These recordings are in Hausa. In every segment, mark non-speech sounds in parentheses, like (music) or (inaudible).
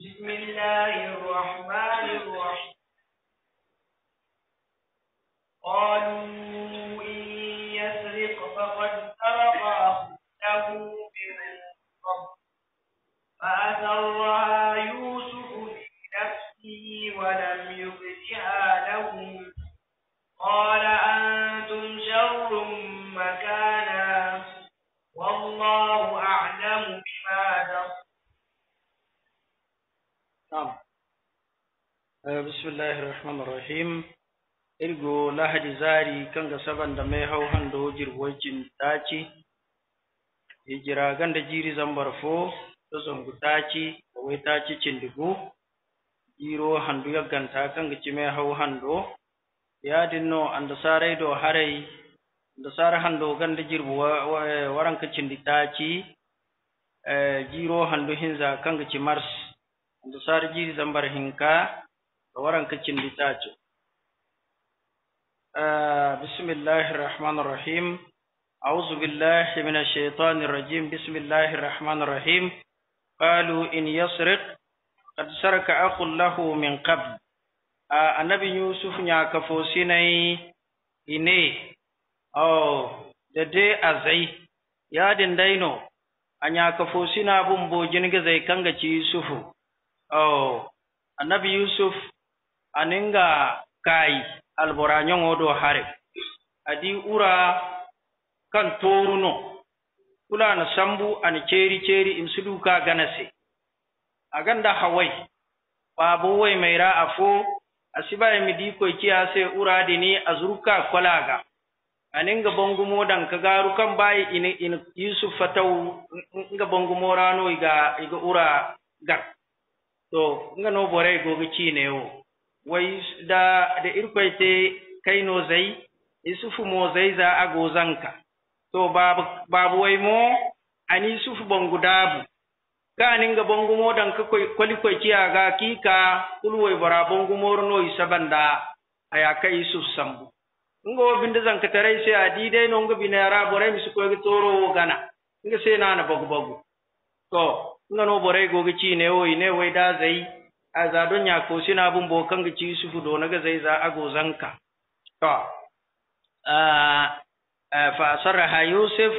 بسم الله الرحمن الرحيم قالوا إن يسرق فقد سرق له من قبل فأسرها يوسف في نفسه ولم يبدها لهم قال Eh, bismillahir rahmanir rahim irgo lahadi zari kanga saban da mai hau hando jirgojin daci hijira ganda jiri zambar fo to zangu daci da handu ya kanga ci hau hando ya dinno anda sarai do harai da sara hando ganda jirbu waranka cindi eh, handu hinza kanga ci mars anda sar jiri zambar hinka warankakin littafi bismillahir rahmanir rahim أعوذ بالله من الشيطان الرجيم بسم الله الرحمن الرحيم قالوا إن يسرق قد سرق أخ له من قبل annabi yusuf ya kafo sinai ine oh da dai azai ya dindaino an ya kafo sina bun bojin gazai kan gaci yusufu oh, yusuf aninga kai nyongo do hare adi ura kan toruno kulana sambu ani ceri ceri imsidu ka ganase aganda hawai babu wai mai ra afo asiba mi di ko kiya sai ura dini azurka kwalaga anin ga bangumo ka garu kan bayi in in Yusuf fatau ga bangumo rano iga iga ura ga to nga no bore go gi ne wai da da irkoite kai no zai isufu mo zai za a gozanka to babu babu wai mo ani sufu bongu dabu kanin ga bangu mo dan ka kwalikoi kiya ga kika kulwai bara bangu mo no isabanda aya kai isuf sambu ngo binda zanka tarai sai adi dai no ngo binara mi su ko ga toro gana ngo sai na na bagu bagu to ngo no bore go ga ci ne o ne wai da zai a za don ya ko sina bun bo kanga ci yusufu do ga zai za gozan zanka to a fasar ha yusuf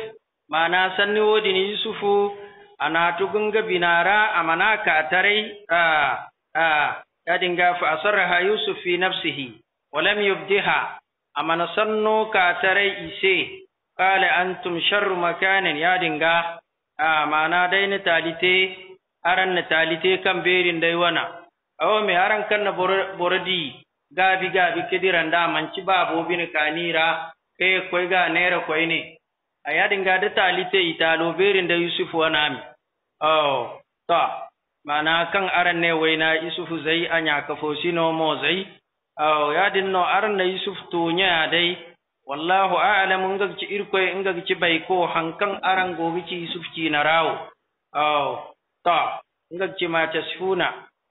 mana sanni wodi ni yusufu tugun tugunga binara mana ka tarai a a ya dinga fasar ha yusuf fi nafsihi wa lam yubdiha mana sanno ka tarai ise an antum sharru makanin ya dinga a mana dai ni talite aran ni talite kan berin dai wana awo mi haran kanna borodi gabi gabi kidiran da manci ba bin kanira e koy ga nera koy ne ayadin ga da talite italo berin da yusuf wanami oh ta mana kan aran ne waina yusuf zai anya kafo sino mo zai oh yadin no aran da yusuf to nya dai wallahu a'lam in ci irkoy in ci bai ko hankan aran gobi ci yusuf ci na rawo oh ta in ci ma tasfuna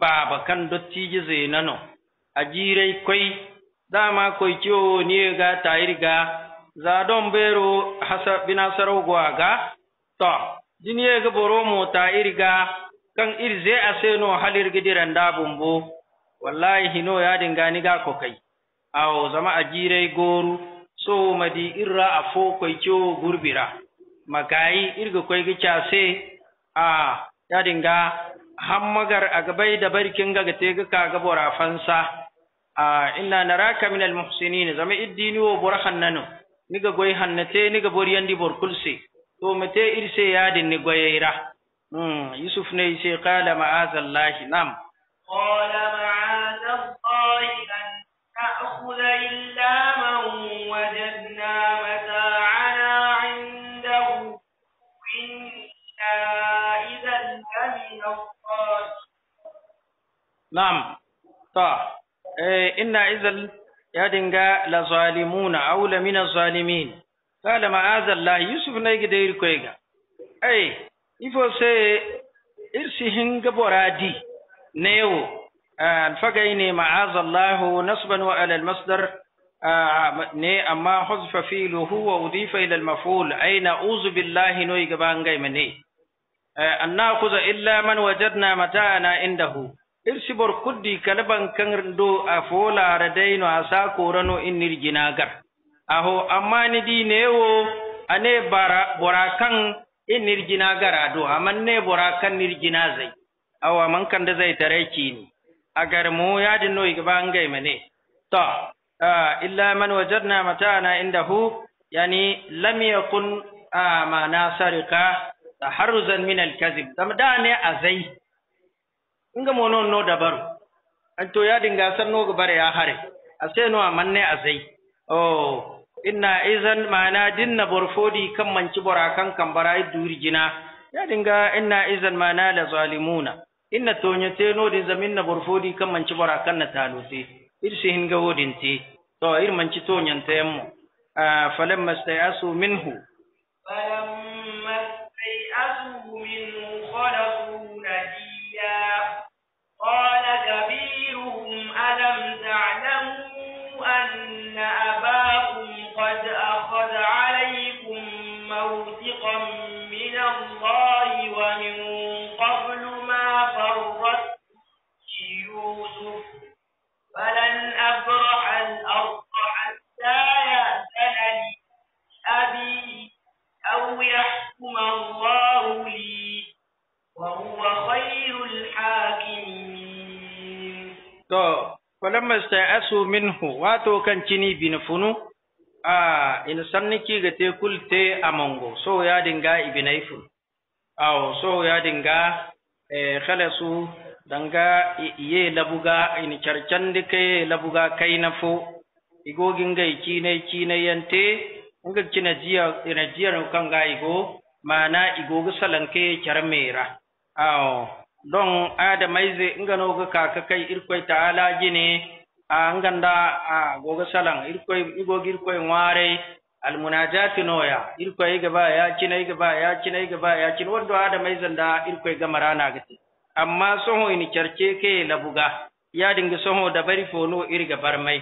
baba kan dottiji zenano jirai, koi dama koi ciwo ni ga tayir ga za don bero hasa bina sarau gwa ga to jiniye ga boro mu tayir ga kan irze seno halir gidiran da bumbu wallahi hino ya dinga ni ga kai. awo zama jirai goru so madi irra afo koi ciwo gurbira makayi irga koi ga se a ya dinga hammagar a gabai da barkin gaga te ga kaga bora fansa a inna naraka min al muhsinin zama iddini wo bor hannano niga goy hannate niga bor yandi bor kulse to mate irse yadin ni goyira hmm yusuf ne sai qala ma'az allah nam qala ma'az allah an ta'khudha illa Na'am. To, eh inna izal ya dinga la zalimuna aw la min zalimin. Kala Yusuf na yi dai rikoi ga. Ai, ifo sai irsi hinga boradi ne yau an faga ne ma'azal Allah nasban wa alal masdar ne amma huzfa filuhu wa udifa ila al maful uzu billahi no yi gaban gaimane. Eh, anna kuza illa man wajadna mata'ana indahu. irsi bor kuddi kala ban kan do a fola da daino a sa korano in nirjinagar aho amma ni di newo ane bara bora kan in nirjinagar ado ne bora kan nirjina zai awa man kan da zai tare ni agar mu ya dinno igba bangai mane to illa man wajadna mata'ana indahu yani lam yakun amana sarika taharuzan min al-kazib da ne azai mo non no dabaru anto ya dinga san no bare ya hare sai no a azai oh inna izan mana dinna burfodi kan manci borakan kan barai gina. ya dinga inna izan mana la zalimuna inna te no din zamin na burfodi kan manci borakan na talusi hin hinga wodin ti to ir manci tonyen tayammu falamma stayasu minhu falamma قال ألم تعلموا أن أباكم قد أخذ عليكم موثقا من الله ومن قبل ما يوسف أبرح الأرض حتى أبي أو يحكم الله لي وهو خير الحاكمين to falamma Asu minhu wato kan cini bin funu a in sanniki ga te a mango. so ya dinga ibnaifu aw so ya dinga e khalasu danga ye labuga in charchande ke labuga kainafo igogin ga ikine kine yante nga kina jiya ina jiya kan ga igo mana igogo salanke charmera aw don ada maize ngano ga kaka kai irkoy taala jini a nganda a goga salan irkoi igo girkoi ware al munajati noya irkoi ga ba ya cina ga ba ya cina ga ba ya cina wanda ada maize da irkoi ga marana gati amma soho ini charce ke labuga ya dinga soho da bari fono irga barmai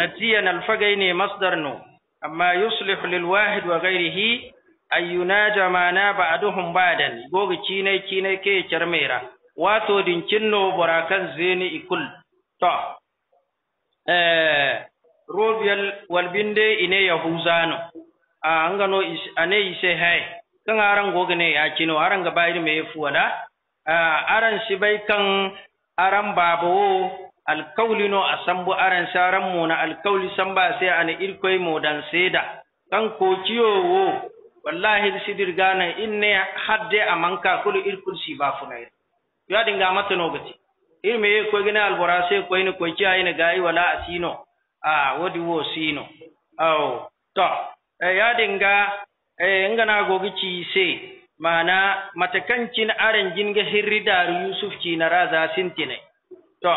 natiyan al fagaini masdar no amma yuslih lil wahid wa ghairihi duhun ba da ba'dan goga cine cine ke charmera wato dinkinno burakan zeni ikul to eh robial walbinde ine yahuzano a angano ane ise hai kan aran goga ne ya kino aran ga bayin me fuwada aran shi bai kan aran babawo alkaulino asambu aran sharan mu na alkauli samba sai ane irkoi modan seda kan kokiyo wo wallahi sidir gana inne hadde amanka kulu ir kursi ba funay yadi ngamata nogati ir me ko gina alborase ko ina ko ci ayina gayi wala asino a wodi wo sino aw to e yadi nga e ngana gogi ci se mana matakancin aran jinga hirri daru yusuf ci na raza sintine to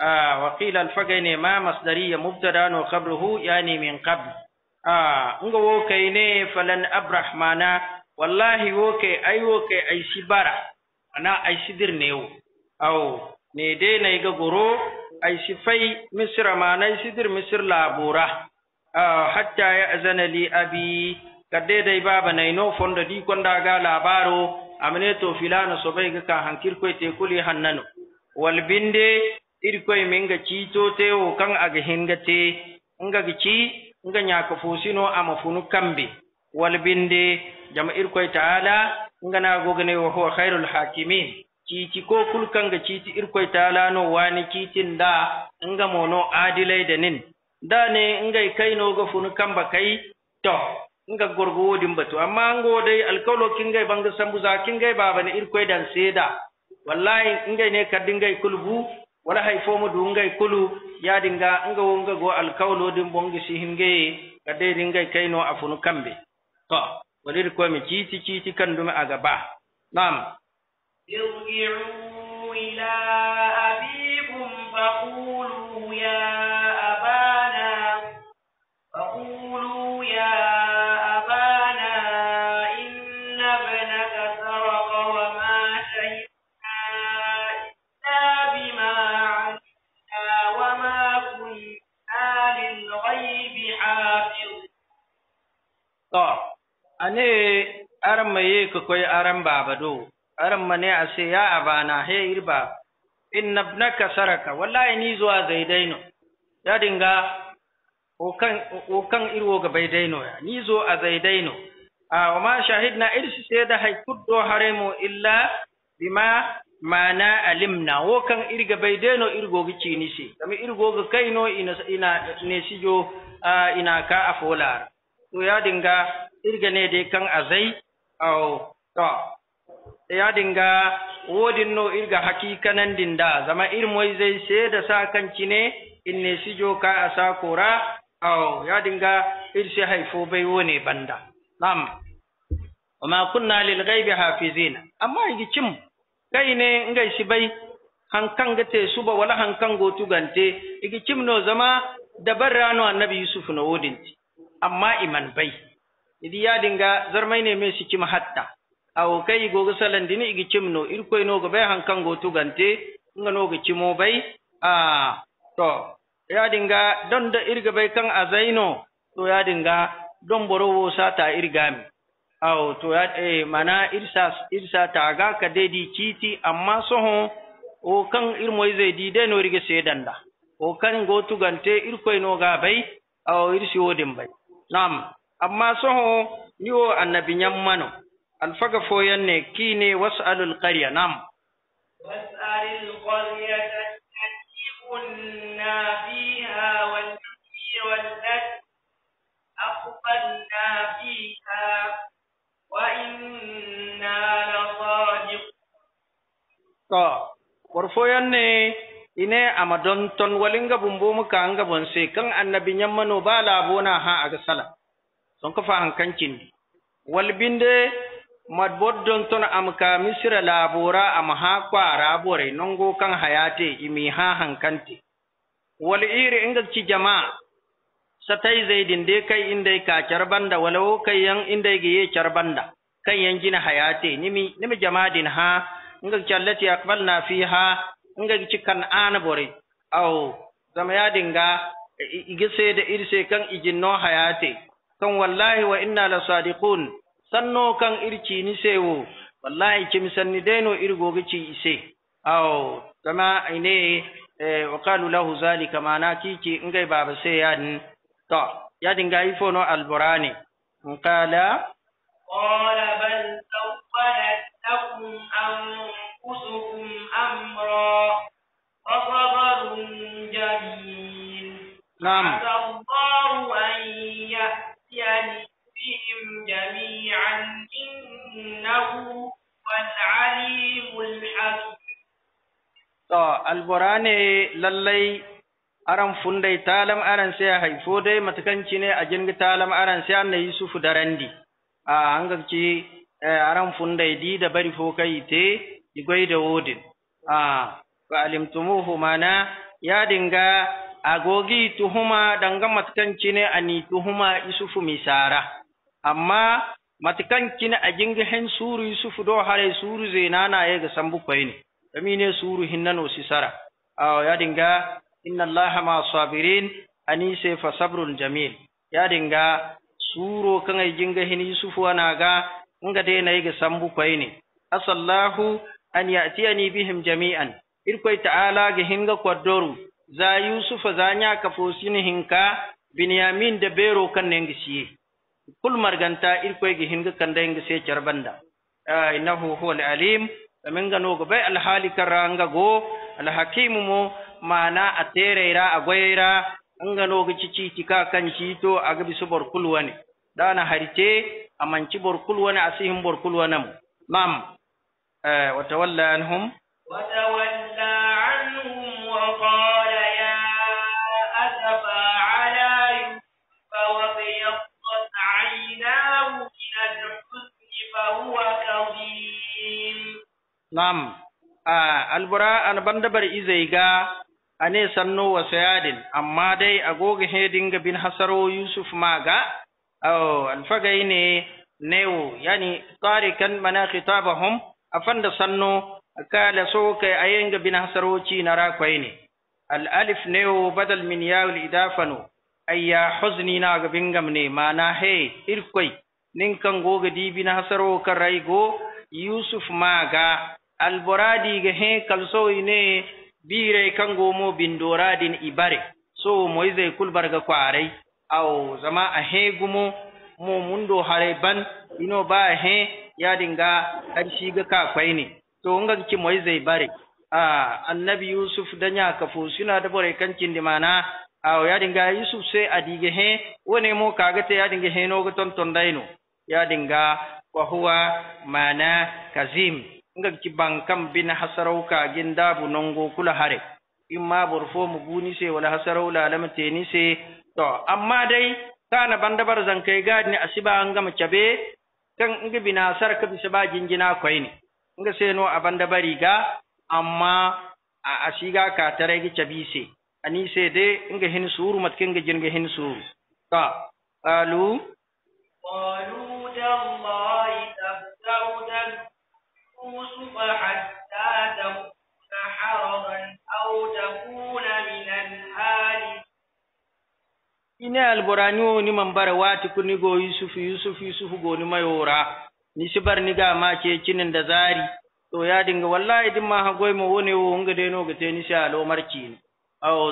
a waqila alfagaine ma masdariya mubtada wa khabruhu yani min qabl Ah, nga wo kai ne falan abrahmana wallahi wo kai ai wo kai ai si bara ana ai si ne wo aw ne de na ga goro ai si misra mana ai si dir misir labura ah hatta ya azana li abi kadde dai baba nai no fonda di konda ga labaro amne to filana so bai ga hankir ko te kuli hannano wal binde irkoy to te tewo kan aga hingate nga ci nga ñaka sino ama funu kambe walbinde jama koy taala nga gane wa huwa khairul hakimin cici ko ci cici koy taala no wani tin da nga mono adilai da nin da ne nga no go funu kamba kai to nga gorgo wodi mbatu amma ngo dai alkawlo kingai banga sambuza kingai baba ne koy dan seda wallahi ngai ne kadingai kulbu wala hay fomo du ngai kulu Ya yadinga nga wonga go alkawloɗin bonga sihingeye kadde ɗingay kayno afunu kambe to waɗiri koyemi chiti kan kandume aga ba nam ila abikum faqulu ya ane aranma ye koy aram baba do aranma ne ase ya abana he irba inna ibnaka saraka wallahi ni zuwa zaidaino ya dinga okan okan irwo ga baidaino ya ni zo a zaidaino a wa ma shahidna irsi sai da haikuddo haremo illa bima mana alimna wo kan irga baideno irgo gi cinise kami irgo ga kaino ina ina ne sijo ina ka afolar to ya dinga irgane de kan azai au to ya dinga wodin no irga hakikanan dinda zama irmoy zai se da sa kan cine inne sijo ka asa kora au ya dinga shi haifo bai wone banda nam amma kunna lil ghaibi hafizina amma yi cim kai ne ngai shi bai hankan gate suba wala hankan gotu gante igi cim no zama dabar rano annabi yusuf no wodinti amma iman bai idi ya dinga zarmai ne mai sikim hatta awo kai gogo salandini igi cimno irkoy nogo bai hankango gante, nga n'o cimo bai a to ya dinga don da irga bai kan azaino to ya dinga don borowo sata irgami awo to ya eh, mana irsa irsa taga ka dedi kiti amma soho o kan irmoy zai di dai no irga danda. o kan go tugante irkoy ga bai awo irsi odin bai nam amma soho niwo annabiyan mano alfaga ne kine was'alul qarya nam was'alul qaryata allati kunna fiha wal-nafsi wal-nafsi أقبلنا فيها وإنا ne. ine ama don ton walinga bumbu muka gabon bonse kan annabi nyammano bala bona ha aga sala son ka fahan kancindi walbinde madbod don ton amka misira labora am ha kwara bore nongo kan hayate imi ha hankante wal iri inga ci jama'a satai zaidin de kai indai ka carbanda walau kai yang indai giye carbanda kan yang jina hayate nimi nimi din ha inga challati aqbalna fiha nga gici kan ana bore aw zama ya dinga igise da irse kan ijin no hayate kan wallahi wa inna la sadiqun sanno kan irci ni sewo wallahi kim sanni no irgo ci ise aw zama aine eh, wa qalu lahu zalika ki ki inga baba sai yadin to ya dinga ifo no alburani qala qala bal sawwalat lakum anfusukum أمرا فصبر جميل نعم عسى الله أن يأتيني بهم جميعا إنه هو العليم الحكيم alborane lallai aran fundai talam aran sai haifo dai matakanci ne a jirgin talam aran sai an yusufu da randi a hangarci eh, aran fundai di da bari fo kai te igwai da wodin a ah, fa'alimtumuhu mana ya dinga agogi tuhuma danga matkan cine ani tuhuma isufu misara amma matkan cine a jinga hen suru isufu do hare suru zenana ye ga sambu koyni tamine suru hinnano sisara Ah ya dinga inna Allah ma sabirin ani se fa sabrun jamil ya dinga suro kan ay jinga hen isufu anaga nga dai na yi ga sambu asallahu an ya'tiyani bihim jami'an irkoi ta'ala ga hinga kwadoru za yusufa za nya ka fosini hinka binyamin da bero kan ne ngisiye kul marganta irkoi ga hinga kan da ngise charbanda innahu huwal alim amin ga no ga bai alhali karanga go alhakim mo mana a tereira a gwaira an no ga cici tika kan shi to a ga bisu borkulwa dana harite amanci borkulwa ne asihin borkulwa آه، وتولى عنهم وتولى عنهم وقال يا أسفى على يوسف وبيضت عيناه من الحزن فهو كظيم نعم آه البراء أنا بندبر إزيغا أني سنو وسيادن أما دي أغوغ هيدنغ بن حسرو يوسف ماغا أو الفقيني نيو يعني طاركا منا خطابهم afanda sanno kala so ayenga bina hasaroci rakwai ne. Al'alif ne neo badal min yawil idafano ayya huzni na ga bingam ne mana he irkwai ninkan goga dibi na hasaro karai go yusuf maga alboradi ga he kalso ne bire kan gomo bindoradin ibare so moize kulbar ga kwarai au zama a he gumo mo mundo hare ban ino ba he yadinga kakwai ne to nga ki zai bare a annabi yusuf nya kafu suna da bare kancin mana a dinga yusuf sai adige he wone mo kaga ya yadinga he no no ya yadinga wa huwa mana kazim nga ki bankam bin ka ginda bu nongo kula hare imma burfo mu guni sai wala hasarau la lam sai to amma dai kana bandabar zankai ne asiba an gama cabe kan nga bina sar ka bisa ba jingina kwai ne nga seno bari ga amma a asiga ka tare gi cabise ani se de ga hin suru mat kan nga ga hin suru ta qalu qalu tallahi tafsawdan yusufa hatta takuna haraman aw takuna min minan halik ine alborani o ni man bara wati kuni go yusuf yusuf yusuf go ni mayora ni sibar ni ga ma ke kinin da zari to ya dinga wallahi din ma ha goy mo wone wo hunga de no gate ni sha lo marci ni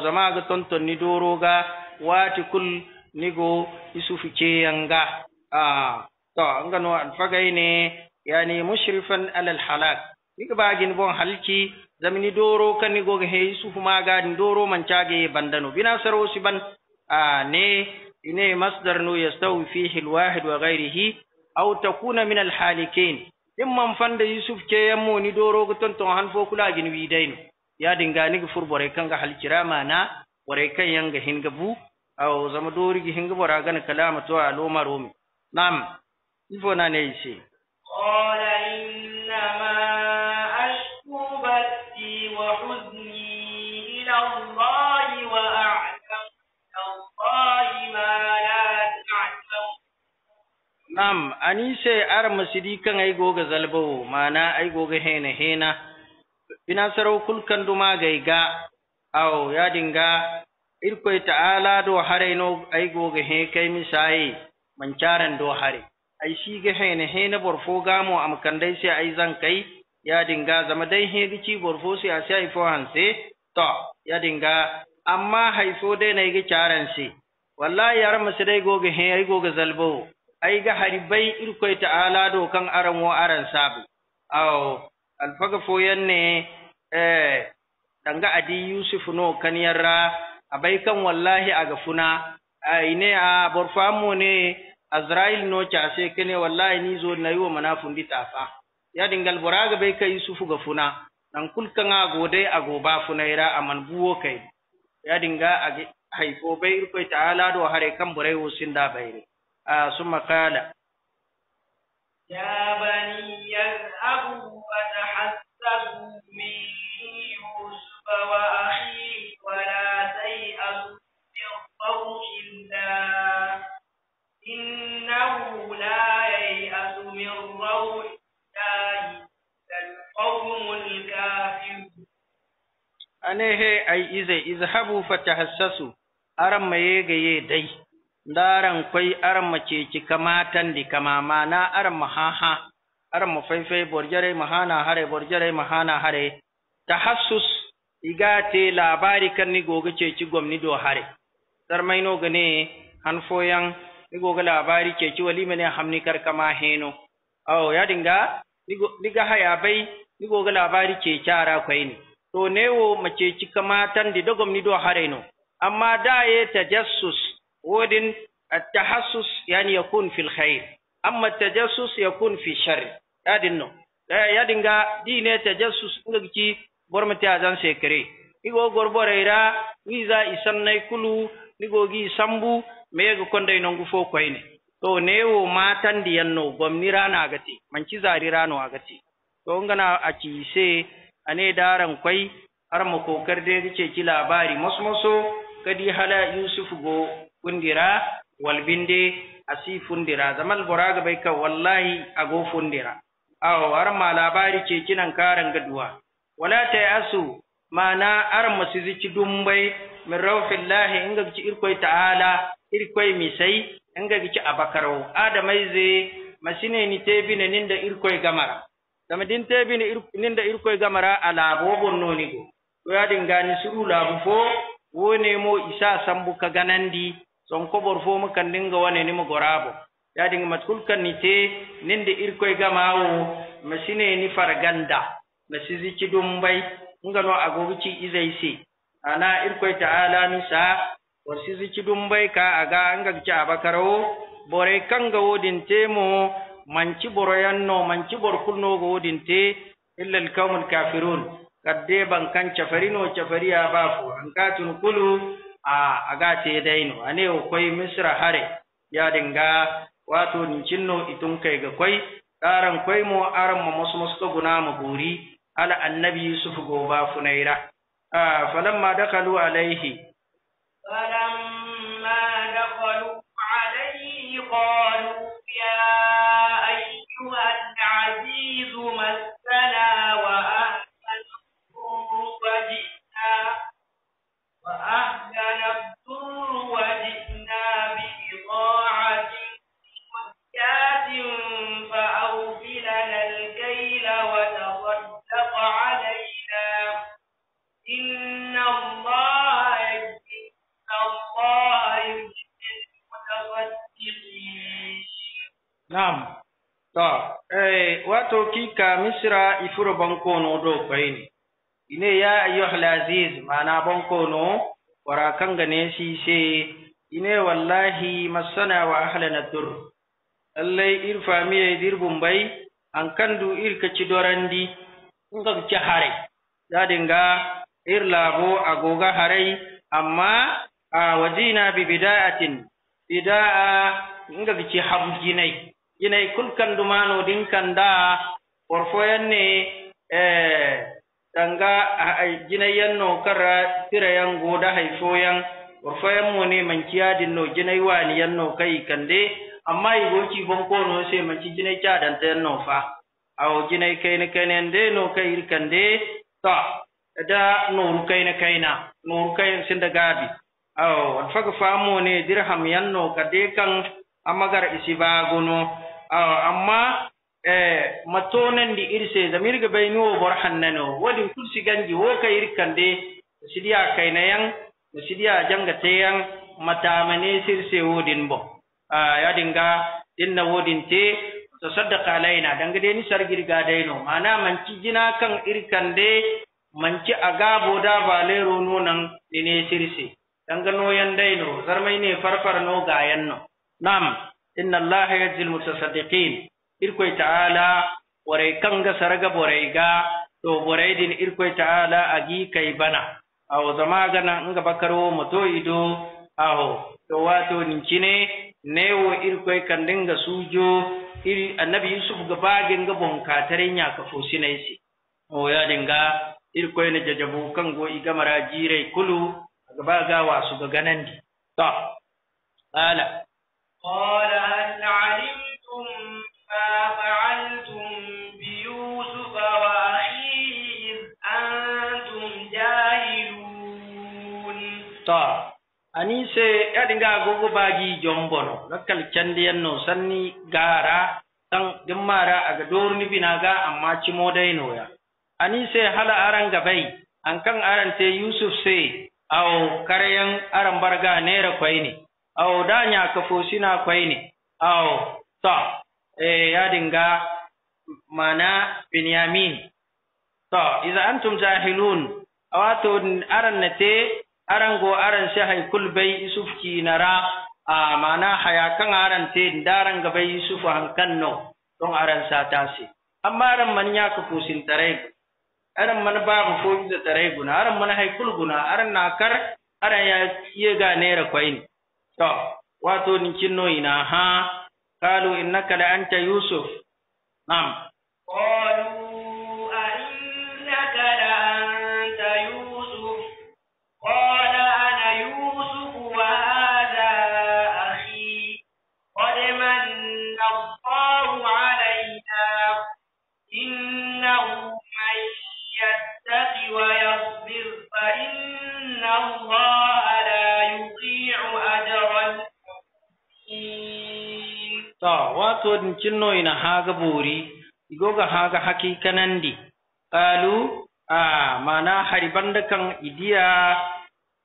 zama ga tonton ni doro ga wati kul ni go yusuf ce yanga a to an no an fagai ne yani mushrifan alal halak ni ga bagin bon halki zamini doro kan ni go ga yusuf ma ga doro man cage bandano bina saro ban ne ne masdar nu ya yastawi fihi alwahid wa ghayrihi aw takuna min alhalikin din man fanda yusuf ke yammo ni doro gutan ton han fo kula gin wi dainu ya dinga ni gufur bore kan ga halkira mana bore kan yanga hinga bu aw zama dori gi hinga bora gan kalama to a loma romi nam ifo na ne ise qala nam anise ar masidi kan ay goga zalbo mana ay goga hena hena bina sarau kulkan duma ga, aw ya dinga irkoy ta'ala do hare no ay goga he kai misai mancaran do hare ai shi ga hena hena borfo gamo am kandai sai ai zan kai ya dinga zama dai he gici borfo sai a sai fo hanse to ya dinga amma haifo dai na yi caran si wallahi yar masu goga he ai goga zalbo Ai ga haribai irkoy ta'ala do kan aran wo aran sabu aw alfaga foyanne eh danga adi yusuf no kan yarra abai kan wallahi aga funa ai ne a famu ne azrail no se kene wallahi ni zo nayi wa manafun ditafa ya dingal boraga bai kai yusuf ga funa nan kulkan a gode a funa ira a buwo kai ya dinga a haifo bai irkoi ta'ala do hare kan burai wusin bai bayre a suma kala. Ya bani yadhabu wa tahassasu min Yusuf wa a wa la tay'asu min rawhillah. Innahu la yay'asu ai izai izhabu fa tahassasu aran maye gaye dai. ndaran kwai aran maceci kamatan di kama mana ar ma haha aran ma faifai borjare ma hana hare borjare ma hana hare tahassus igate labari kan ni goga ceci gomni do hare sarmaino gane hanfoyan ni goga labari ceci wali mene hamni kar kama heno aw ya dinga ga haya bai ni goga labari ceci ara kwai ni to newo maceci ceci kamatan di dogomni do hare no amma da ye tajassus wadin attahassus yani yakun fil khair amma tajassus yakun fi shar yadin no da eh, yadin dine tajassus inga gici bormata azan sekere igo gorbore ira wiza isan nay kulu nigo gi sambu mega konde no gufo koyne to newo matan diyan no gomni rana gati manci zari rano agati to ngana a ci se ane daran kwai har mu kokar da ci labari musmuso kadi hala yusuf go kundira walbinde asi fundira zamal boraga bai ka wallahi ago fundira aw war ma labari ce kinan karan gaduwa wala ta asu mana ar masu zici dumbai min rawfillahi inga gici irkoi ta'ala irkoi misai inga gici abakaro adamai ze masine ni ne ninda irkoi gamara dama din ne ninda irkoi gamara ala noni go to ya dingani suru labu fo wone mo isa sambu ka ganandi son kobor fo mo kan dinga wane ni mo gorabo ya dinga matkul kan ni te ninde irkoy gamawo masine ni farganda sizi ci nga no agogi ci izaisi ana irkoy ta'ala ni sa sizi ci dumbai ka aga nga ci abakaro bore kanga wodin mo manci boroyanno manci kulno go wodin te illa alqawmul kafirun kadde ban kan cafarino cafariya bafu an katun kulu a agate daino ane o koy misra hare ya dinga wato cinno itun kai ga koy daran koy mo aran mu musu musu to guna mu buri ala annabi yusuf go ba funaira a falamma dakalu alaihi falamma dakalu alaihi qalu ya ayyuha al-aziz massana wa ahlan wa jina wa ahsana Naam. To, eh wato kika misra ifuro no do kaini. Ine ya ayyuhal aziz mana bankono wara kanga ne shi she ine wallahi masana wa ahlana dur. Allai irfa famiye dirbun bai an kandu ir ci dorandi in ka ci hare. Ya dinga ir labo agoga harai amma a ah, wajina bi bida'atin bida'a in ga ci habginai. jinay kul kandumano din kanda orfoyanne e danga jinayanno eh, kara yan goda haifoyan yan mo ne man din no jinai waniyanno kai kande amma igoci bonkono se manci jinai no fa awo jinai kai kaina nde no kai irkande ta da kai na kaina kaina kai kaina sinda gabi awo faga famo ne dirham yanno kade kan amagar isibaguno Ah, amma eh, matonan di irse bai baynuwo bar hannano wadi kursi ganji wo irkan kande sidiya yang sidiya janga te mata mane sirse wodin bo ah, dinga dinna wodin te to tasaddaqa alaina danga de ni sargirga no mana manci jina kan de manci agabo da balero nonan dine sirse danga no no zarmai ne farfar no gayanno nam inna allaha yajzil mutasaddiqin irkoy ta'ala warai kanga saraga borai ga to irkoy ta'ala agi kai bana awo zama gana nga bakaro moto ido aho to wato nincine newo irkoy kandinga sujo iri annabi yusuf ga bagin ga bonkatare nya ka isi. o ya dinga irkoy ne jajabu kango igamara jirai kulu ga baga wasu ga ganandi to ala قال هل علمتم ما فعلتم بيوسف وأخيه إذ أنتم جاهلون طيب anise gogo bagi jombono lakkal candiyanno sanni gara tan dimmara aga dorni binaga amma cimodaynoya anise hala aran gabai an kan arante yusuf se awo karayan aran barga nera kwai ne A'u da nya ka fo sina kwai ne A'u ta e eh, ya dinga mana binyamin ta idza antum jahilun awato aran te aran go aran shi hay kulbai isufki nara a mana haya kan aran te daran gaba yusufu hankan no don aran sa tasi amma aran man ya ka fusin tarai aran man ba ku fo da tarai guna aran man hay kul guna aran nakar aran ya iya ga ne ra ne. to wato ni kinno ina ha kalu innaka la anta yusuf Nam. to watoɗin na haga boori igoga haaga hakikanandi qalu a mana hari da kan idiya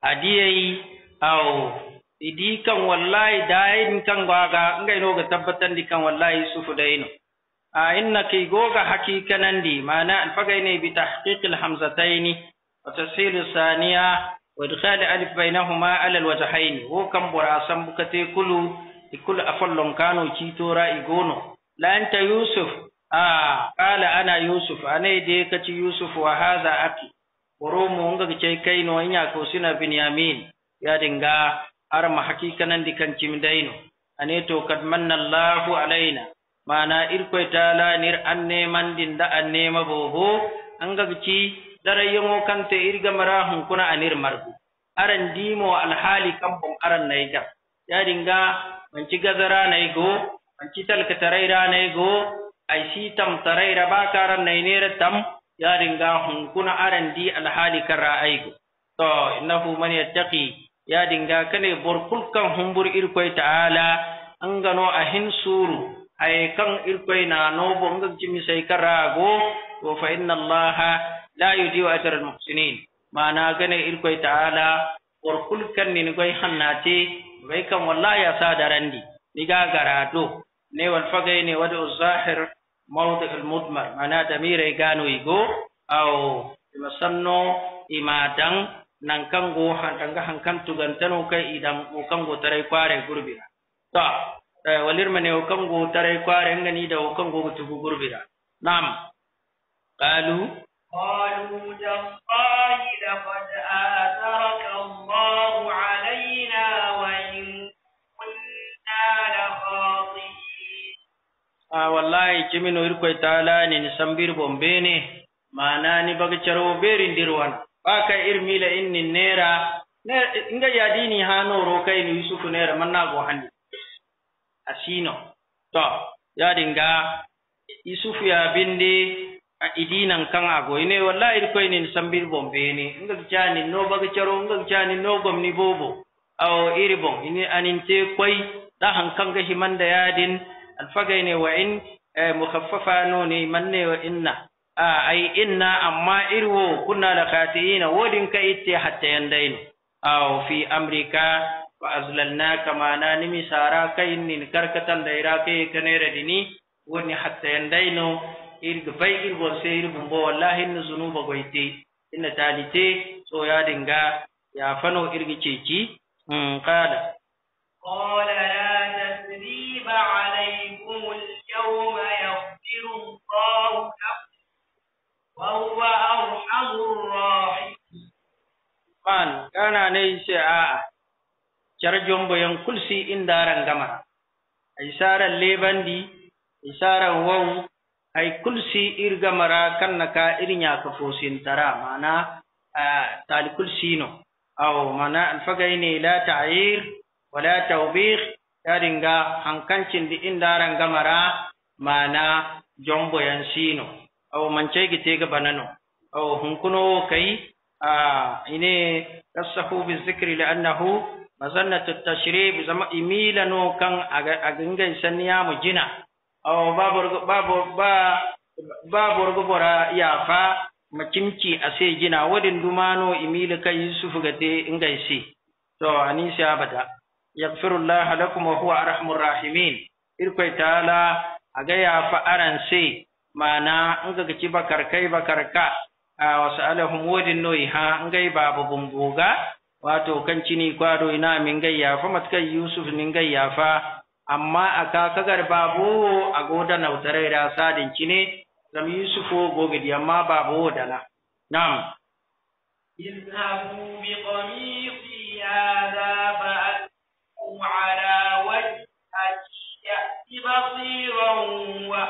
adiyai au idi kan wallahi din kan gaga ngai tabbatan tabbatandi kan wallahi dai no a goga igoga hakikanandi mana ne bi tahqiqil hamzataini wa tashil saniya wa idkhal alif bainahuma ala alwajhain wo kan burasan bukate kulu ikul afollon kano citora igono La'anta yusuf a ah, kala ana yusuf anai de kaci yusuf wahaza hadha aki oromo nga ce kai no inya ko sina binyamin ya dinga har ma hakikanan dikan cimdaino ane to kad manallahu alaina mana irkoy tala nir anne din da anne mabobo anga gici kan te irga mara hun kuna anir margu aran dimo alhali kambon aran naiga ya dinga manci gazara nai go manci talka ra na go Ai si tam ra ba karan nay nera tam Ya ringa hun kuna arandi alhali kara ai go to innahu man yattaqi yadinga kane bor humbur irkoy ta'ala an gano a hin suru ay kan irkoy na no bo jimi sai kara go to fa inna allaha la yudiu ajra al muhsinin mana gane irkoy ta'ala borkul kan ni hannate way kam wallahi randi ni ga gara ne wal fagayne ne o zahir mawde al mudmar mana damira e ganoyi goo aw ima sanno ima dan nan kango hantanga han kantugantano kai idan o kango tarai kware gurbira ta eh, ne o kango tarai kware ngani da o kango tugu gurbira nam qalu قالوا تالله لقد آثرك الله علينا وإن كنا لخاطئين آه mana ni baga caro berin dirwan baka irmila inni nera inga yadini hano rokai ni yusufu nera manna go handi asino to dinga yusuf ya bindi A idinan kanga ne ine wallahi ko ine sambir bom beni nga jani no baga charo nga jani no gom ni bobo aw iri bom ine anin te koy da han da himanda yadin alfaga ne wa in eh, mukhaffafa no ne manne wa inna a ai inna amma irwo kunna da khatiina wodin ka itte hatta yandaino aw fi amrika wa azlalnaka ni misara, sara yi nin karkatan da irake kanere dini wani hatta yandaino irga fay irgo se irgo bo wallahi inna zunuba goyte ta talite so ya dinga ya fano irga ceci mm qala qala la tasriba alaykum al-yawma yaghfiru Allahu lakum wa huwa arhamur rahim man kana ne sai a'a carjon boyan kulsi indaran gama isaran lebandi isaran wawu ay kulsi irga mara kanna ka irinya ka fosin tara mana tal no aw mana ne la ta'ir wala tawbih daringa hankancin di indaran gamara mana jombo sino aw manche gite ga banano aw hunkuno kai a ine tasahu bi zikri li annahu at tashrib zama imilano kan aga ngai sanniya mujina aw babu ba ya fa makimki ase gina wadin dumano imili kai yusufu gate ingaisi to anisi abada yaghfirullah lakum wa huwa arhamur rahimin irkai taala aga ya fa sai mana inga gaci bakarkai bakarka a wasu alahum wadin noyi ha ngai babu bumbuga wato kan cini kwado ina min gayyafa matkai yusuf min gayyafa amma a kakagar babu a goda na wutarai da sadin kine zan yi su ko gogidi amma babu da na. Nam. Izhabu bi wa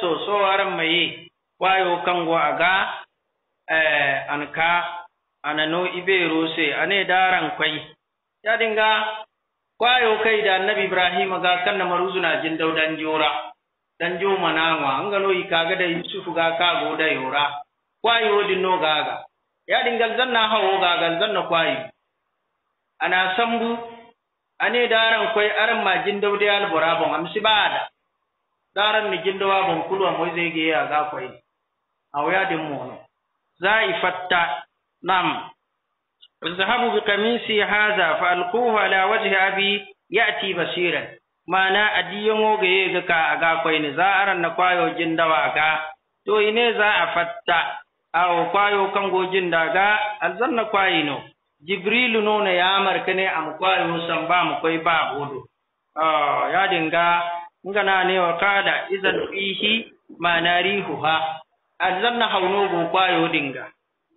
to so aran mai kwayo kango aga eh anka no ibe rose ane daran kwai ya dinga kwayo kai da annabi ibrahim ga kanna maruzuna jin daudan jora dan jo mananwa an gano yi kaga da yusuf ga go da yora kwayo no gaga ya dinga zanna hawo ga zanna kwayo ana sambu ane daran kwai aran majin albura alborabon amsi bada daran ni dawa bon kulwa ge ya ga kwai awya din mono zai fatta نعم اذهبوا بقميصي هذا فألقوه على وجه أبي يأتي بصيرا mana adiyon ga ka aga kwai ne za aran na kwayo jin dawa ga to ine za a fatta aw kwayo kan gojin daga na kwayi no jibrilu no na ya marka ne am kwayo san ba mu kwai ba bodo ah ya dinga ngana ne wa kada idan fihi manarihuha alzanna hauno go kwayo dinga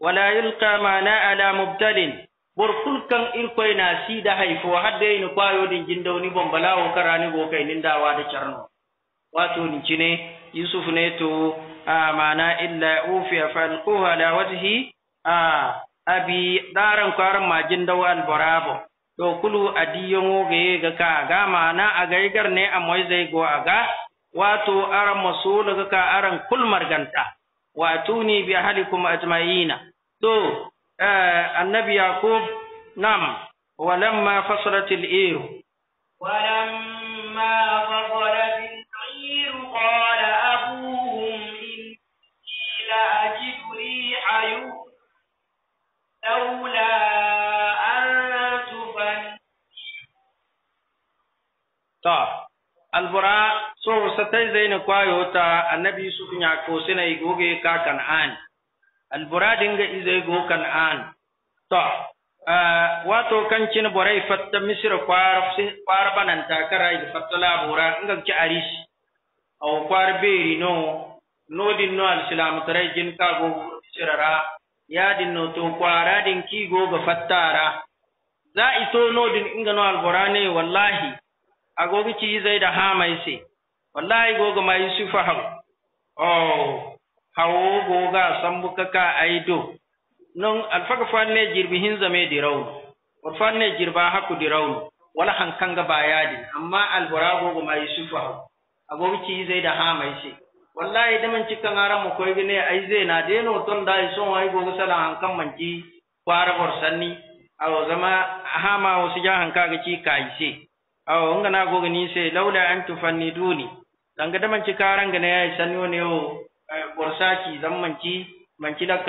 wala yulqa mana ala mubtalin bor kulkan koy na si da hadde ni ko kwayo din jindawni bombalawo karani go kay nin dawa da charno wato ni cine yusuf ne to amana illa ufiya quha la wajhi a abi daran kwaran majin al barabo to kulu adiyon ge ga ka ga mana a gaigar ne a moizai go aga wato aran masul ga ka aran kulmar ganta ni bi halikum ajma'ina to eh, annabi yaqub nam walamma fasalat al-ir walamma fasalat al qala abuhum inni la ajidu riha yusuf لولا أن تفن طب البراء سو ستين زين كوايو تا النبي يوسف نعكو سنة يقوغي كاكن buradin ga izai go kan an to wato kan cin borai fatta misir kwar kwar banan takara ida fatta labura inga ki arish aw kwar beri no nodin no salam tarai jin ka go sirara din no to kwara din ki go ga fattara za ito nodin inga no burane wallahi agogi ci zai da hamai se wallahi goga mai yusufa oh hawo goga sambuka ka aido non alfaka fanne jirbi hinza me dirawu wat fanne jirba haku rawu wala hankanga bayadi amma alburago go ma yusufu abo agobi zai da ha mai shi wallahi da man cikan aran mu koyi ne ai zai na de no ton da so ai go sala hankan manci kwara sanni awo zama ha ma wasu ja hanka ga ci kai shi awo ngana go ni sai laula an tufanniduni danga da man cikaran ga ne ai sanni ne yo Eh, borsaki zan manci da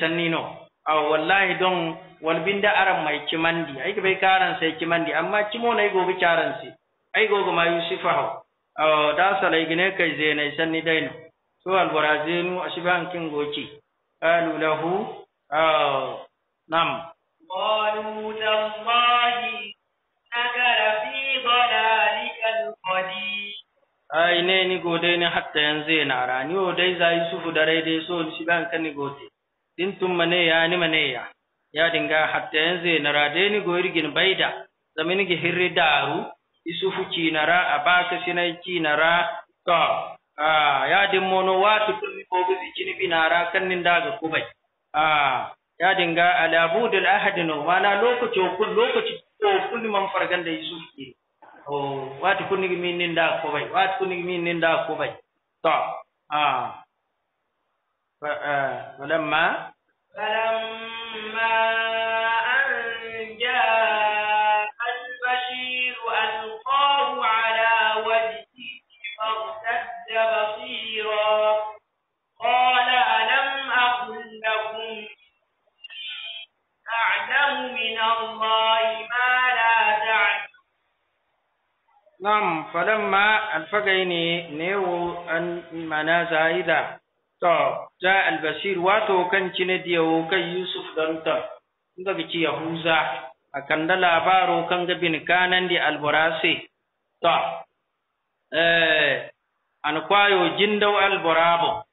sanni no aw wallahi don wal binda aran mai kimandi ai bai karan sai kimandi amma kimo nai gobi karan sai ai gogo ma yusufahu aw da salai gine kai nai sanni no so al borazinu ashiban kin goci alu lahu aw nam qalu tallahi nagara fi dalalikal al qadim ai ne ni gode ni hatta yanzu yana rani o dai za yi sufu da rai dai so shi ban kan ni gode din tun mane ya ni mane ya ya dinga hatta yanzu yana ra dai ni goyir gin baida zamin gi hirri daru isufu ki na ra abaka ka shi na ra to a ya din mono watu tun ni bobu zikini binara kan nin daga kubai a ya dinga alabudul ahadinu mana lokaci lokaci ko kullu man fargan da yusuf ki o wati konnigi min ninda ko wayi wati konnigi min ninda ko wayi to a falamma falamma an jaa al-bashir alqahu ala wajhihi fartadda basira قال ألم أقل لكم أعلم من الله ما Nam falamma alfagaini ne wo an mana zaida. To, ja albasir wato kan cine diyawo kan Yusuf danta, inda kici Yahuza, a kan da kan ga bin kanan di alborase. To, eh, an kwayo jindau alborabo.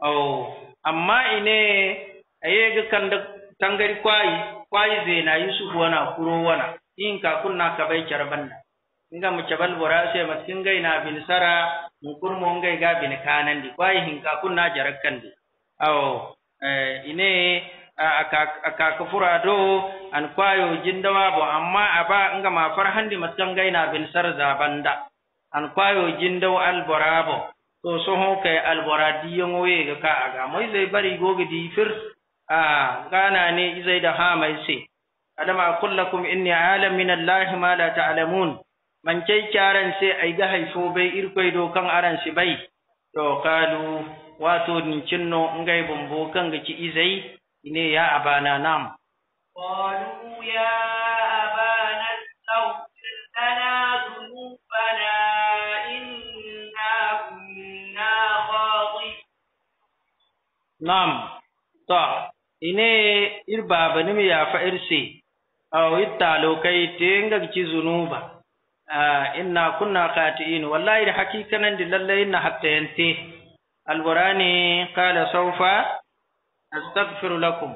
Oh, amma ine aye ga kan da tangari kwayi, kwayi zai na Yusuf wana kuro wana, in ka kunna ka bai kyarban nan. nga mu bora borase mat kinga na bin sara mu mo ngai ga bin kanandi kwai hinka di jarakkandi awo eh, ine aka kufura do an kwayo jindawa bo amma aba nga ma di mat kinga na bin sar zabanda an kwayo jindaw al borabo to ho kay al boradiyo ngoye ga ka aga moy zai bari goga di fir a gana ne izai da ha mai se adama kullakum inni alam min allahi ma la ta'lamun kai kyaran sai ai ga haifo bai irkoi do kan aran si bai to kalu wato no cinno gai bumbu kan ga ki izai ine ya abana nam qalu ya abana astaghfir lana zunubana, inna kunna khati nam ta ine ir baba ni ya fa irse aw italo kai tenga ki zunuba Ah, inna kunna khati'in wallahi da hakikanan da lallai hatta yanti alburani qala sawfa astaghfiru lakum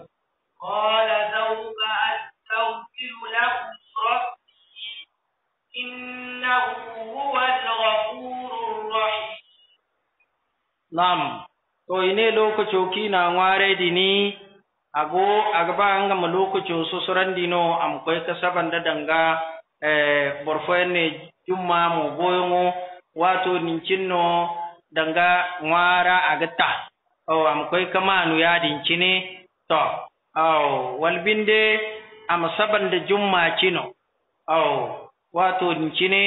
qala sawfa astaghfiru lakum rabbi innahu huwal ghafurur rahim nam to ine lokaco na ngware dini ago agba anga lokaco so sorandino am koy kasabanda danga e eh, borfo enne jumma mo boyongo wato nincinno danga ngwara agatta o am koy kamanu yadin cine to aw walbinde am sabande jumma cino o wato nincine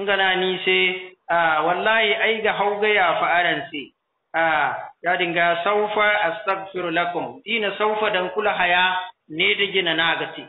ngana ni se a wallahi ai ga hauga ya fa aransi a ya dinga saufa astaghfiru lakum dina saufa dan kula haya ne da gina na gati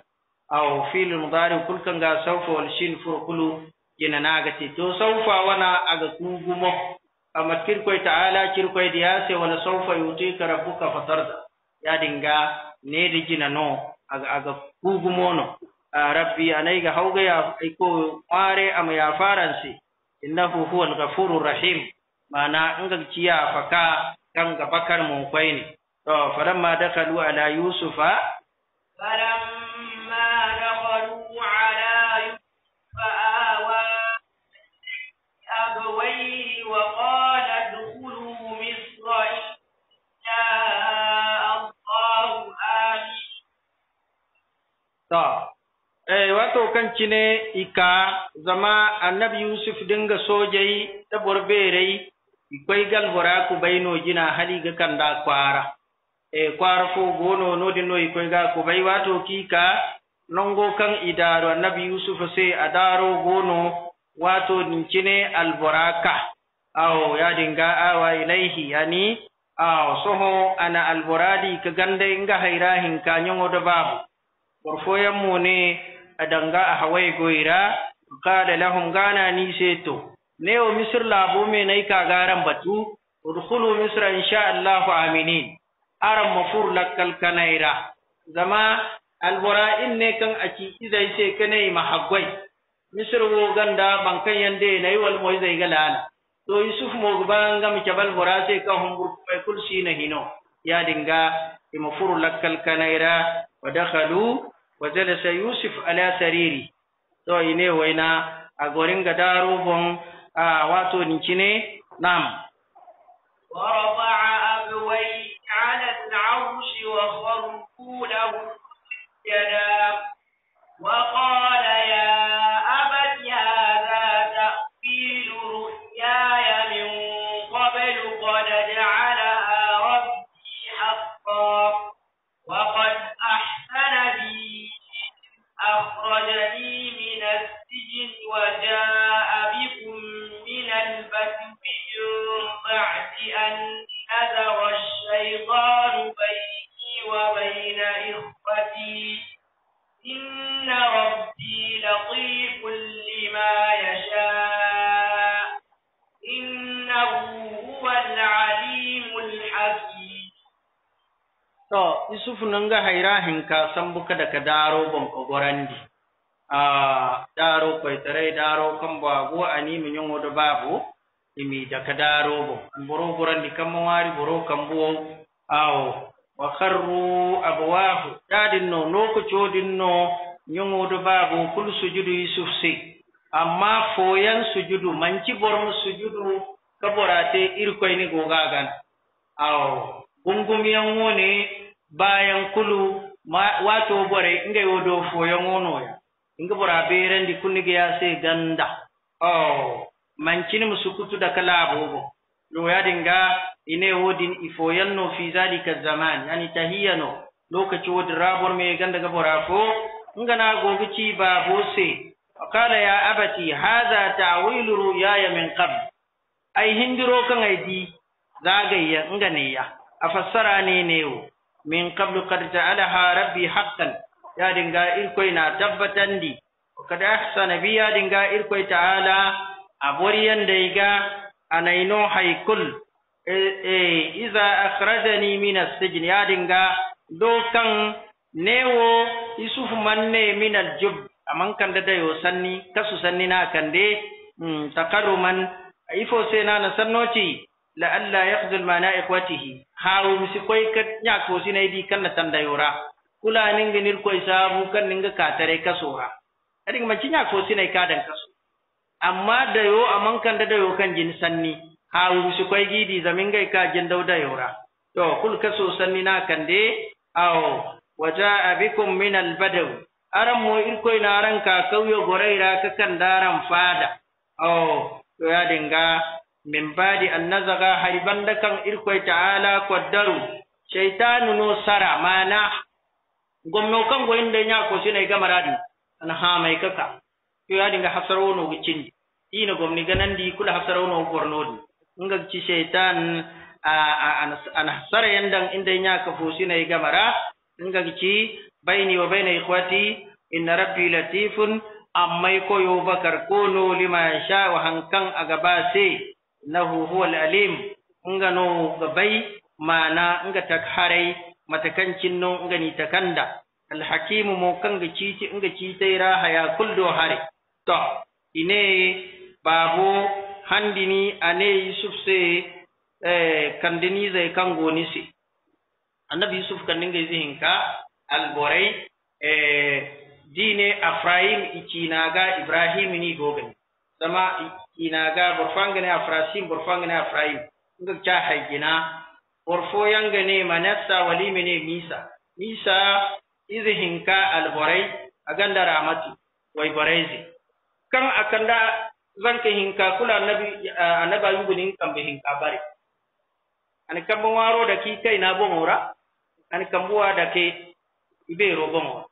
aw fil mudari kulkan ga sawfa wal shin furqulu ina nagati to sawfa wana aga kugumo amma kirkoy ta'ala kirkoy diyase wala sawfa yutika rabbuka fatarda ya dinga ne digina no aga aga kugumo no ah, rabbi anaiga hauga ya iko ware ama ya faransi innahu huwal ghafurur rahim mana inga ciya faka kan ga bakar mun kwai ne to faramma dakalu ala yusufa faramma ta eh wato kan cine ika zama annabi yusuf dinga sojai ta borberei ikwai galbora ku baino jina hali ga da kwara Eh kwara ko gono no no ikwai ga ku bai wato kika nongo kan idaro annabi yusuf sai adaro gono wato din cine alboraka aw ya dinga awa ilaihi yani aw soho ana alboradi ka ganda inga hairahin nyongo da babu barfoyan mu ne a danga a hawai goira qala lahum gana ni seto ne misir labo me nay ka garan batu urkulu misra insha Allah aminin aram mafur lakkal kanaira zama albora in ne kan aci izai se kanai mahagwai misir wo ganda bankan yande nay wal moy zai to yusuf mo gban ga mi cabal bora se ka humbur shi na hino ya dinga imafur lakkal kanaira ودخلوا وجلس يوسف على سريري تو ine وينا اغورين غدارو فون darubon واتو wato ninkine ورفع ابوي على العرش وخرقوا له السلام وقال يا to isufu nanga haira hinka da daga daro bonko gorandi a daro koytere daro kambo a ani min yongo do babu imi daga daro bo boro gorandi mawari wari kan kambo awo wa kharru no dadinno noko no yongo do babu kul sujudu yusuf si amma foyan sujudu manci bormo sujudu kaborate irkoyni gogagan awo gungum wone bayan kulu wato bore inga yodo wono ya inga bora di kunni ga se ganda oh kini musukutu da kala bobo lo ya dinga ine wodin ifoyanno fi zalika zaman yani tahiyano lokaci wodin rabor me ganda ga bora ko inga na ba bo se qala ya abati hadha ta'wilu ruya min qabl ai hindiro kan di zagayya inga ne ya ne ne wo? min qablu qad ja'alaha rabbi haqqan ya dinga irkoi na tabbatan di. kad ahsana bi ya dinga irkoi ta'ala aboriyan iga anaino haykul e, e iza akhrajani min as-sijn ya dinga dokan newo isufu manne min al-jub aman kan da dayo sanni kasu sanni na kan de hmm, takaruman ifo sai na sannoci la alla yakhzul mana ikhwatihi haru koy kat nya to sinai di kanna tandayora kula ninga nil koy sabu kan ninga katare ha adin ma cinya to sinai kadan kaso amma dayo amman kan da dayo kan jin sanni haru sikwai gidi zamingai ka jin daudayora to kul kaso sanni na kan de aw waja'a bikum min al-badaw aran mo irkoy na aran ka kauyo goraira ka kan daran fada aw to ya dinga min badi an nazaga banda kan irkoy ta'ala qaddaru shaytanu no sara mana gomno kan go inde nya ko sine ga maradi an ha mai kaka to ya dinga hasaro no gicin ina gomni di kula hasaro no di nga ci shaytan an hasara yandan inde nya ka fo sine ga mara nga ci baini wa baina ikhwati inna rabbi latifun amma ko yo bakar ko no lima sha wa hankan agabase sai innahu huwal alim nga no gabai mana nga takharai matakancin no nga ni takanda al hakimu mo kanga cici nga citai raha ya kullu hare to ine babu handini ane yusuf se eh kandini zai kango ni se annabi yusuf kandinga ka al borai eh dine afraim ichinaga ibrahim ni gogani zama ga inaga borfangane afrasim a afraim inda cha haigina borfo yangane manassa walimene misa misa izi hinka alborai ganda ramati wai boraizi kan akanda zanka hinka kula annabi annabi ayubu ne kan bi hinka bare an kan bon waro da ki kai na bon ora an kan buwa da ke ibe ro bon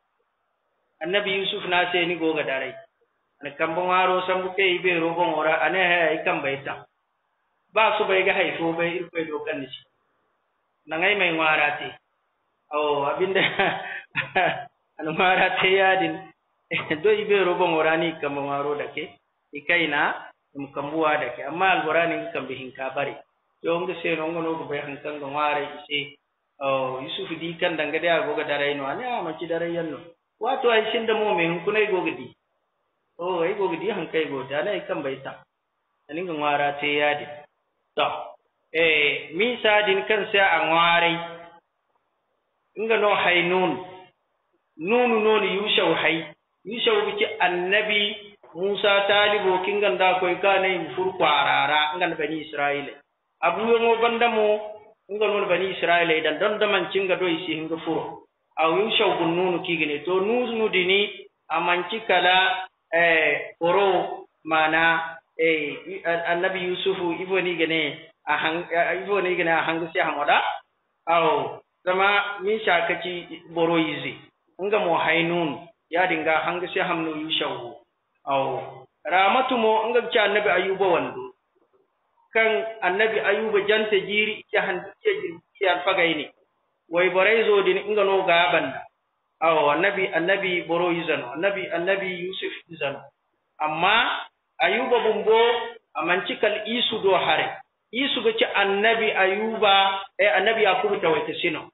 annabi yusuf na sai ni goga darai ana kambon waro san buke ibe rogon ora ane he ikam bai san ba su bai ga so bai do kan shi na ngai mai ngara te o abinda an wara te din (laughs) do ibe rogon ora ni kambon waro dake ikaina ɗum da dake amma alqur'ani kambe hinka bare yo se seno ngono ko bai hankan ngara wara se o yusuf di kan a go ga darai no a ma ci darai yanno wato ai shinda mo me hun kunai goga di o ay go gidi han kai go dana ay kan baita anin ga ngwara te yadi to eh mi sa din kan sa a ngwari inga no hay nun nunu non yushau hay yushau bi annabi Musa talibo kingan da koy kane mu fur kwarara ngal bani Isra'ila abu mo banda mo ngal won bani israila dan don daman cinga do isi hinga furo aw yin nun nunu kigine to nuzu dini amanci kala Eh, oro mana eh, annabi yusufu iboni gane a hang gane a hang siya hamoda aw zama min shakaci boro yize nga mo hainun ya dinga hang si hamnu yushawu aw ramatu mo nga ci annabi ayuba wando kan annabi ayuba janta jiri ci han ci fagai ne wai borai zo din nga no gaban awo annabi annabi boro izano annabi annabi yusuf izano amma ayuba bumbo amanci kal isu do hare isu ga ci annabi ayuba eh annabi yakubu tawaita sino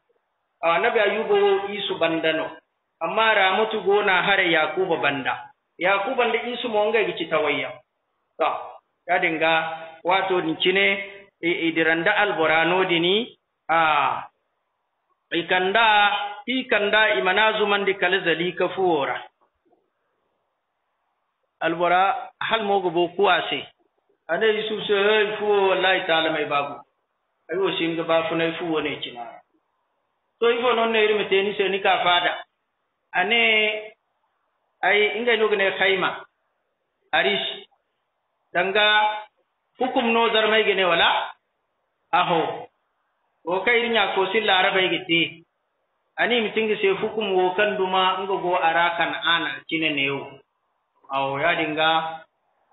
awo annabi ayuba wo isu bandano amma go gona hare yakuba banda yakuba da isu mo ngai gici tawayya to ya dinga wato ni cine e diranda alborano dini a ikanda ikanda imanazuman di kale zali ka fuwora albora hal mogo bo kuwase ane yusuf se hey fuwo wallahi taala mai babu ai wo ga ba funai fuwo ne cina to ifo non ne irme teni se ni ka fada ane ai inga no ne khaima arish danga hukum no mai gene wala aho wo kayirnya ko silla araba igiti ani mitingi se hukum wo kan duma nga go arakan ana cine new aw ya dinga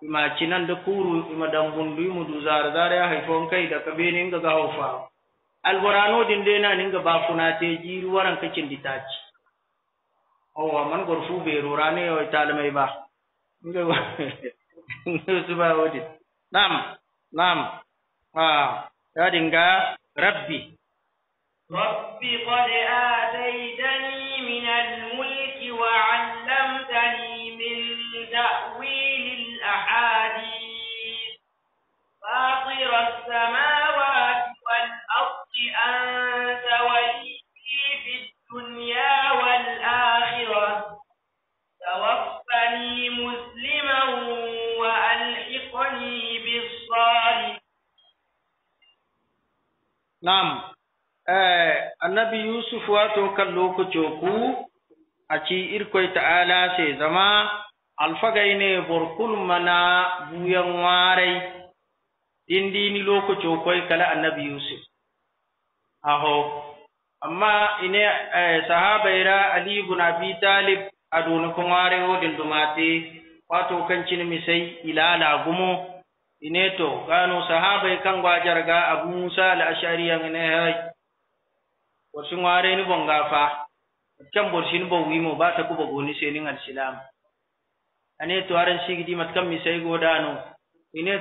ima cinan da kuru ima dambundu imu du zar zar ya haifon kai da kabene nga ga haufa alborano din de na ninga ba funa te jiru waran kacin ditaci aw man gorfu be rurane yo talmai ba nga (laughs) suba wodi nam nam ah ya dinga ربي ربي قد آتيتني من الملك وعلمتني من تأويل الأحاديث فاطر السماوات والأرض أنت ولي في الدنيا Na'am, eh, annabi Yusuf wato kan lokaci ku a ci irkoi ta'ala sai zama alfagai ne burkul mana buyan warai indi ni lokaci kai kala annabi Yusuf. Aho, amma ine eh, sahabaira Ali ibn Abi Talib a donukun warai hodin dumate wato kan cin misai ilala gumo ineto sahaba sahabai kan gwajar ga abu musa al'ashari yang ne hai wasu ware ni bonga fa kan borsin bo wimo ba ta kuba goni sai nin al-islam ane to aran sigidi mat kam mi sai go dano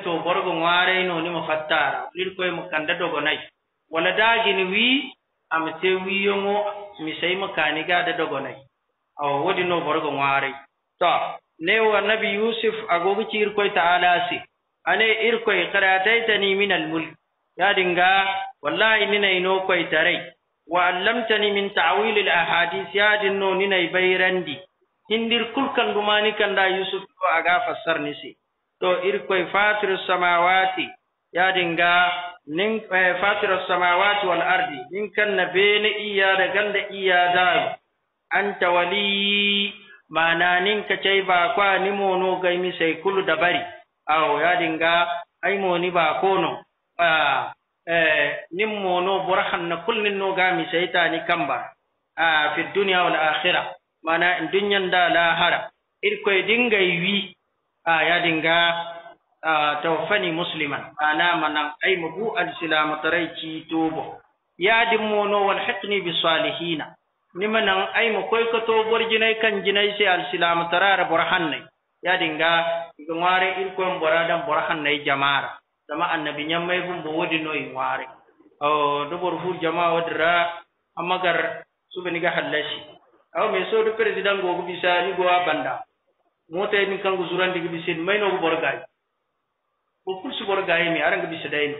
to borgo ware no ni mo fattara lir koy mo kanda go nai wala dagi ni wi am te wi mo mi sai mo kaniga da go nai aw wodi no borgo ware to ne wa nabi yusuf agogo cir koy ta'ala si ane irkoy ni min almulk yadinga wallahi ninay no koy wa allamtani min ta'wil Ya yadin no ninay bayrandi hindir kulkan dumani kanda yusuf to aga fassar nisi to irkoy fatir samawati yadinga nin eh, fatir samawati wal ardi nin kan na bene iya da ganda iya da anta wali mana nin ka ba kwa ni mono gaimi sai kulu da bari aw nga ay moni ba kono a eh, nin mono borahan na nin no gami shaytani kamba a fi dunya wal akhirah mana in dunyan da lahara irkoy dinga yi a taw fani musliman ana manan ay bu al silamu ci tobo yadin mono wal hiqni bi salihina nan ay koy ka to borjinai kan se sai al silamu tarara burhannai yadinga ngware mbora borada borahan nay jamara sama annabi nyammay hum bo wodi noy ngware o do bor fu jamaa wadra amagar subani ga halashi aw me so do president go bisa ni go banda mota ni kangu zurandi digi bisin may no go gay ko bor gay mi arang bisa dayni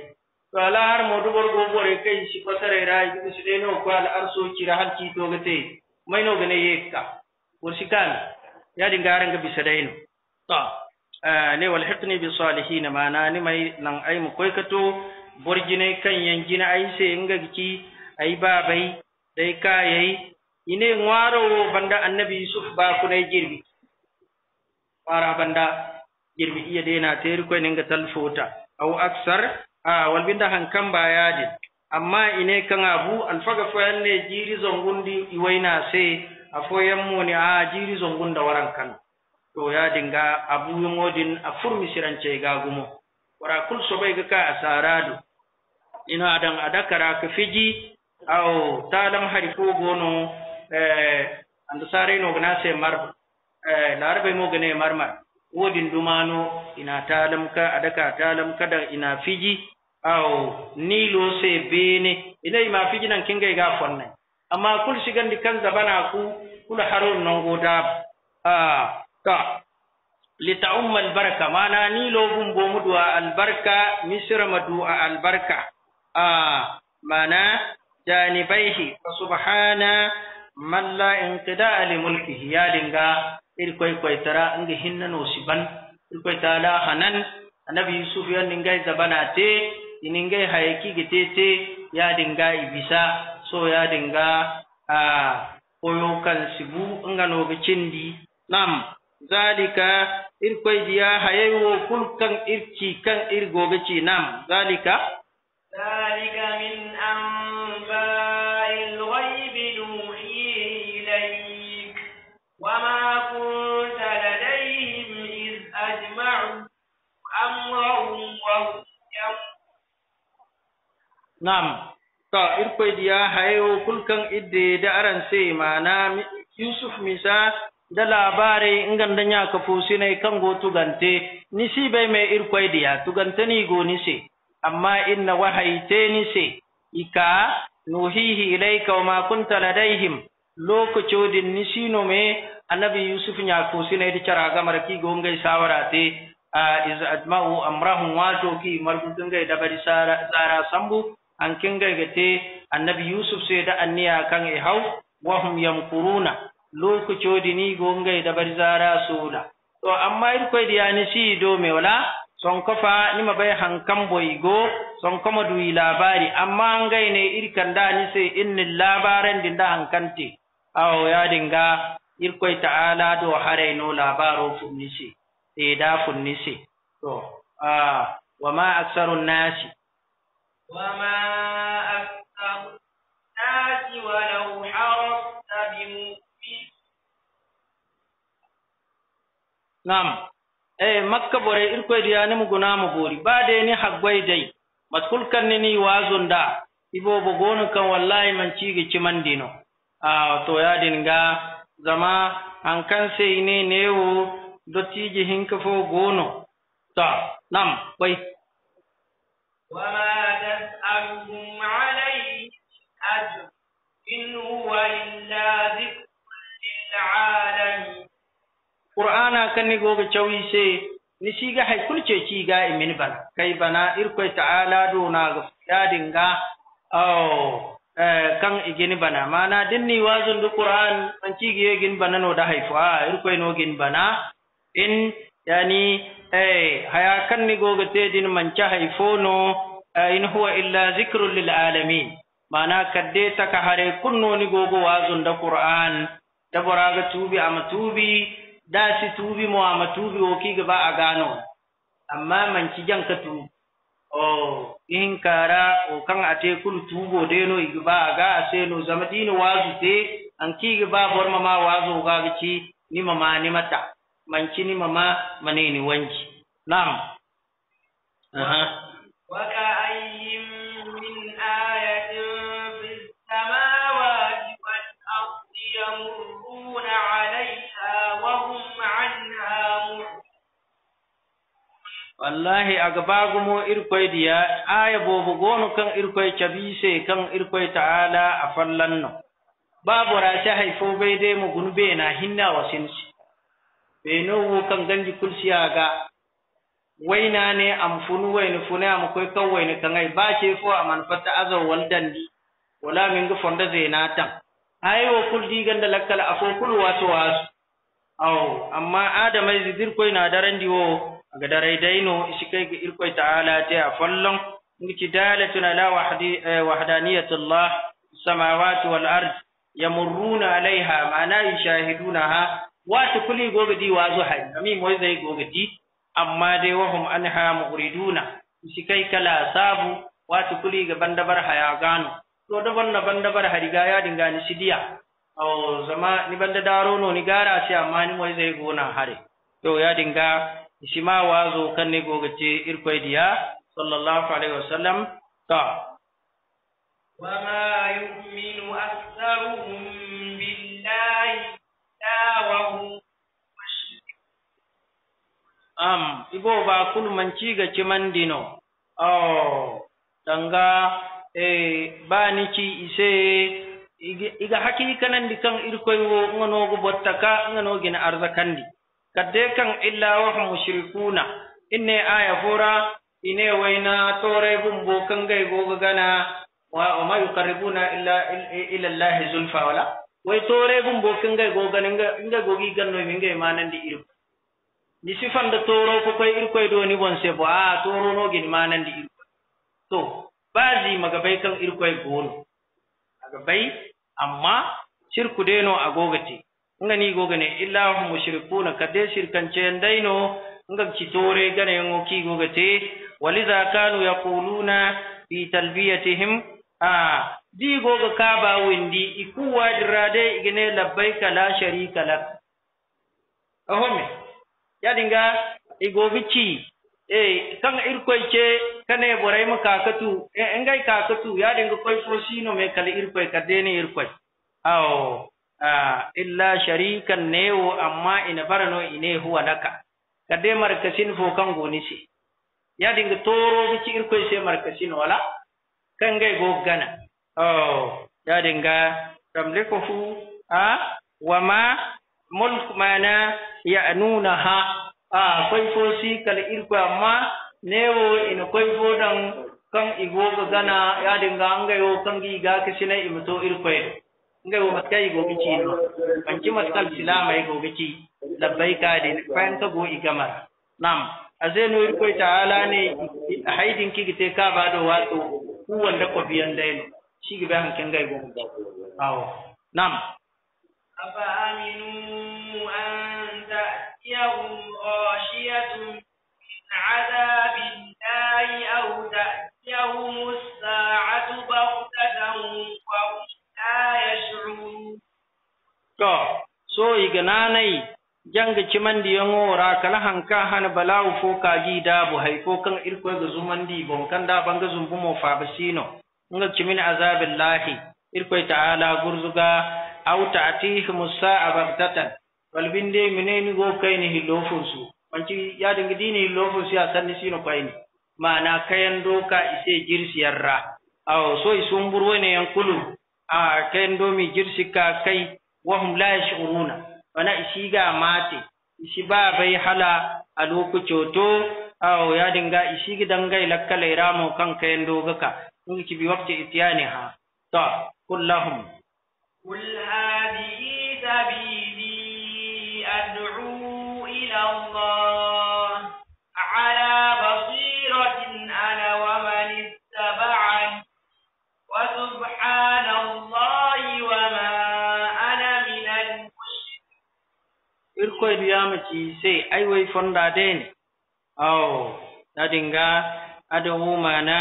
to ala har mo do bor go e kai shi patare ray gi bisin no ko ala arso ci rahal ci to gate may no ne yekka worsikan yadi ngaranga bisa dayno ta eh, ne wal hiqni bi salihin ma na ni mai nan ai mu koi kato borgine kan yangina ai se inga giki ai babai dai kayai ine ngwaro banda annabi yusuf ba ne girbi para banda girbi iya na teri ko ninga talfota au aksar a walbinda hankan ba yadi amma ine kan abu alfaga foyan ne jiri zongundi iwaina se afoyan mu ne a jiri zongunda waran kan To ya dinga abu modin a furmi sirance ga gumo wara kul so bai ga ka saradu. ina a adakara ka fiji aw talam hari ko gono eh ando sare no gna se mar eh larbe mo gane marmar wodin dumano ina talam ka adaka talam da ina fiji aw lo se bene ina ma fiji nan kinga ga fonne amma kul di kan zabana ku kula harun nan goda ah ka lita barka mana ni lobun bomu duwa albarka misira madu a albarka a mana janibaihi ka subhana malla in kida ali mulki ya dinga irkwai kwai tara in ga hinna no si ban irkwai ta hanan annabi yusuf ya dinga zabana te in dinga hayaki gite te ya dinga ibisa so ya dinga a koyo sibu in ga no nam zalika irkoy diya hayaywo kul kan irci kan gobe ci nam zalika zalika min anba'il wama nam to irkoy diya hayaywo kulkan idde da aran sai mana yusuf misa da labare inganda nyaka fusine kango tugante si bai mai irkwai diya tugante ni go amma inna ni nise ika nuhihi ilaika wa ma kunta ladaihim lokacodin no me annabi yusuf nya sine di cara gamar ki go ngai te a iz ajma'u amrahum wato ki markutun ngai da bari sara sambu an kinga gate annabi yusuf sai da anniya kan ihau e wa hum yamkuruna lokocoodini gongay dabari zara sola to amma irkoyde yani si do me wala sonko fa nima bay han kamboy go son kuma duyi labari amma ngayne irkan da ni sai inni labaran din da hankante awo ya dinga irkoy ta'ala do harayno labaro funnisi sai, da funnisi to a wa ma aksarun nasi wa ma aksarun nasi walau harasta bi nam Eh, makka bore irkoyde yanimo gonamo Ba baade ni haggoye dai. matkul kanne ni wazonda ibobo gono kan wallahi man ciige cimandino a ah, to yadin ga zama an kan sei ne newo dottiije hinka fo gono ta nam Wa ɓay وما تسألهم عليه أجر إن هو إلا ذكر للعالمين qur'ana kanni goga cawi se ni siga hay kulce ci ga imin e bana kai bana irko ta'ala do na ga dadin ga aw e, kan igini e bana mana dinni wazun du qur'an man ci ga gin bana no da haifu a irko no gin bana in yani eh haya kanni goga te din man hay haifo no in huwa illa zikrun lil alamin mana kadde ka hare kunno ni gogo wazun da qur'an da baraga tubi ama tubi da shi tubi mu ama tuubi wo kiga ba a gano amma man ci jan ka tu o in kara o kan ate kul tubo de no gaba a ga a se no zama wazu te an ki ba bor ma wazu ga gici ni mama ni mata man ci ni mama mane ni wanci na'am aha waka wallahi agbagumo irkoy diya aya bobo gonu kan irkwai cabise kan irkwai ta'ala a fallanno babu rasi haifo bai dai mu gunbe na hinna wasinsi benowo kan ganji kulsiya ga waina ne am funu waini fune am koy kan waini kan ai ba ce fo a an fatta azar waldan wala min ga fonda zaina tan ayo kul di ganda lakkal afo kul wato wasu aw amma adamai zidir koy na daran diwo gadare daino isikai ga irkoi ta'ala ta a fallon ngi dalatun ala eh, wahdaniyatullah samawati wal ard yamurruna alaiha ma'ana ha wata kuli goga di wazu hay ami moy zai goga di amma dai wahum anha muriduna isikai kala sabu wata kuli ga bandabar haya gano to da wannan bandabar hariga ya dinga ni sidiya aw zama ni banda daro no ni gara sai amma ni moy zai gona hare to ya dinga ishima wazo kanne gogace irkoydiya sallallahu alaihi wasallam wa ma yu'minu aktharuhum billahi dawahu am ibo ba man ci ga dino oh Danga, e bani ci ise iga hakiki di kan irkoy wo ngonogo bottaka ngono gina arzakandi kadde kan illa wahum mushrikuna inne aya fura ine waina tore kan gai goga gana wa ma yuqarribuna illa ila allahi zulfa wala wai tore kan gai goga ninga inga gogi ganno minga manandi iru ni sifan da toro ko kai koy do ni se bo a toro no gin manandi iru to bazi magabai kan koy gono magabai, amma shirku deno agogati ngani gogane illa hum mushrikuna kade ndaino. daino ci citore gane ngo ki gate waliza kanu yaquluna fi talbiyatihim a ah, di ka ba windi ikuwa wadrade igene labbaika la sharika lak ahome yadinga igogici e kan irkoy ce kane borai mu kakatu e ngai kakatu yadinga koy prosino me kala irkoy kadene irkoy awo Ah, illa sharikan wo amma ina barano ine huwa laka kade markasin fo kan goni se ya dinga toro ci irko se markasin wala kan gai go gana oh ya dinga fu a wama mulk mana ya'nunaha a ah, koi fo si kal irko amma wo ina koi fo dan kan igo gana ya dinga angayo kan gi ga kisine imto irko ngai wo maska go gogi ci no panci maskal silama go gogi ci ka de pan to go igama nam azenu ir ta ta'ala ne haidin ki gite ka ba do wato ku wanda ko biyan dai no shi ga han kan ngai go awo nam aba aminu an ta'tiyahum ghashiyatun عذاب الله أو تأتيهم sa'atu ba'dahu wa to so ignanai janga cimandi yango ora kala hanka han balau fo kaji da bu hay fo kan irko ga zumandi bon kan da banga zumbu mo fa basino nga cimin azabillahi irko ta'ala gurzuga aw ta'tihi musa baghtatan wal binde mineni go kayni hilofun su manci ya dinga dini hilofun su ya sanni sino kayni mana kayan doka ise jirsiyarra aw so isumburu ne yankulu kayan domin girsika kai wahum la yash'uruna wana ga mate isi ba bai hala a lokaci to aw ya dinga ishi dangai lakkala ramo kan kayan dogaka in ki bi wakti itiyani ha to kullahum qul koy wiyama ci sey ay way fondadeni aw ɗaɗinga ada humana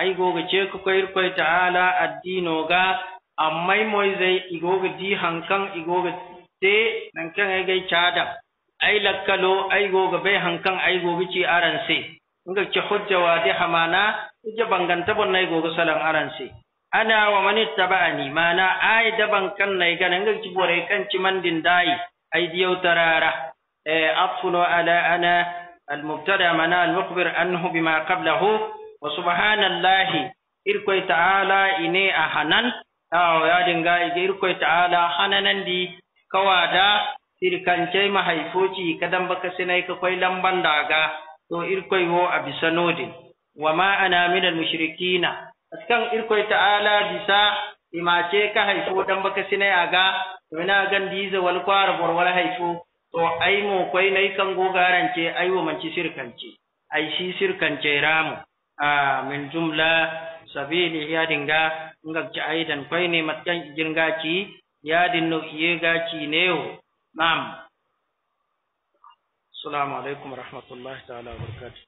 ay goga ceko koyr koy taala addinoga ammay moy zey igoga di hankan igoga te nankan ay gay cada ay lakkalo ay goga be hankan ay goga ci aranse nga ci hujja wadi hamana ija banganta bonnay goga salan aranse ana wa man ittaba'ani mana ay daban kan nay ganan ga ci bore kan ci mandin dai أيدي وترارة أطفل على أنا المبتدأ منا المخبر عنه بما قبله وسبحان الله إركوي تعالى إني أهنن أو يا دنجا إركوي تعالى هننن دي كوادا mahaifoci kadan baka sinai kwai lamban daga to irkoi wo a bisa nodin wa ma ana minal mushrikina askan ta'ala bisa imace ka haifo dan baka sina ga? to ina gan diza wal kwara borwar haifo to ai mo kwai nai kan go garance ai wa manci shirkance ai shi shirkance ramu a min jumla sabili ya dinga ngak ci ai dan kwai ne matan jinga ci ya dinno iye ga ci ne yo na'am assalamu alaikum warahmatullahi ta'ala wabarakatuh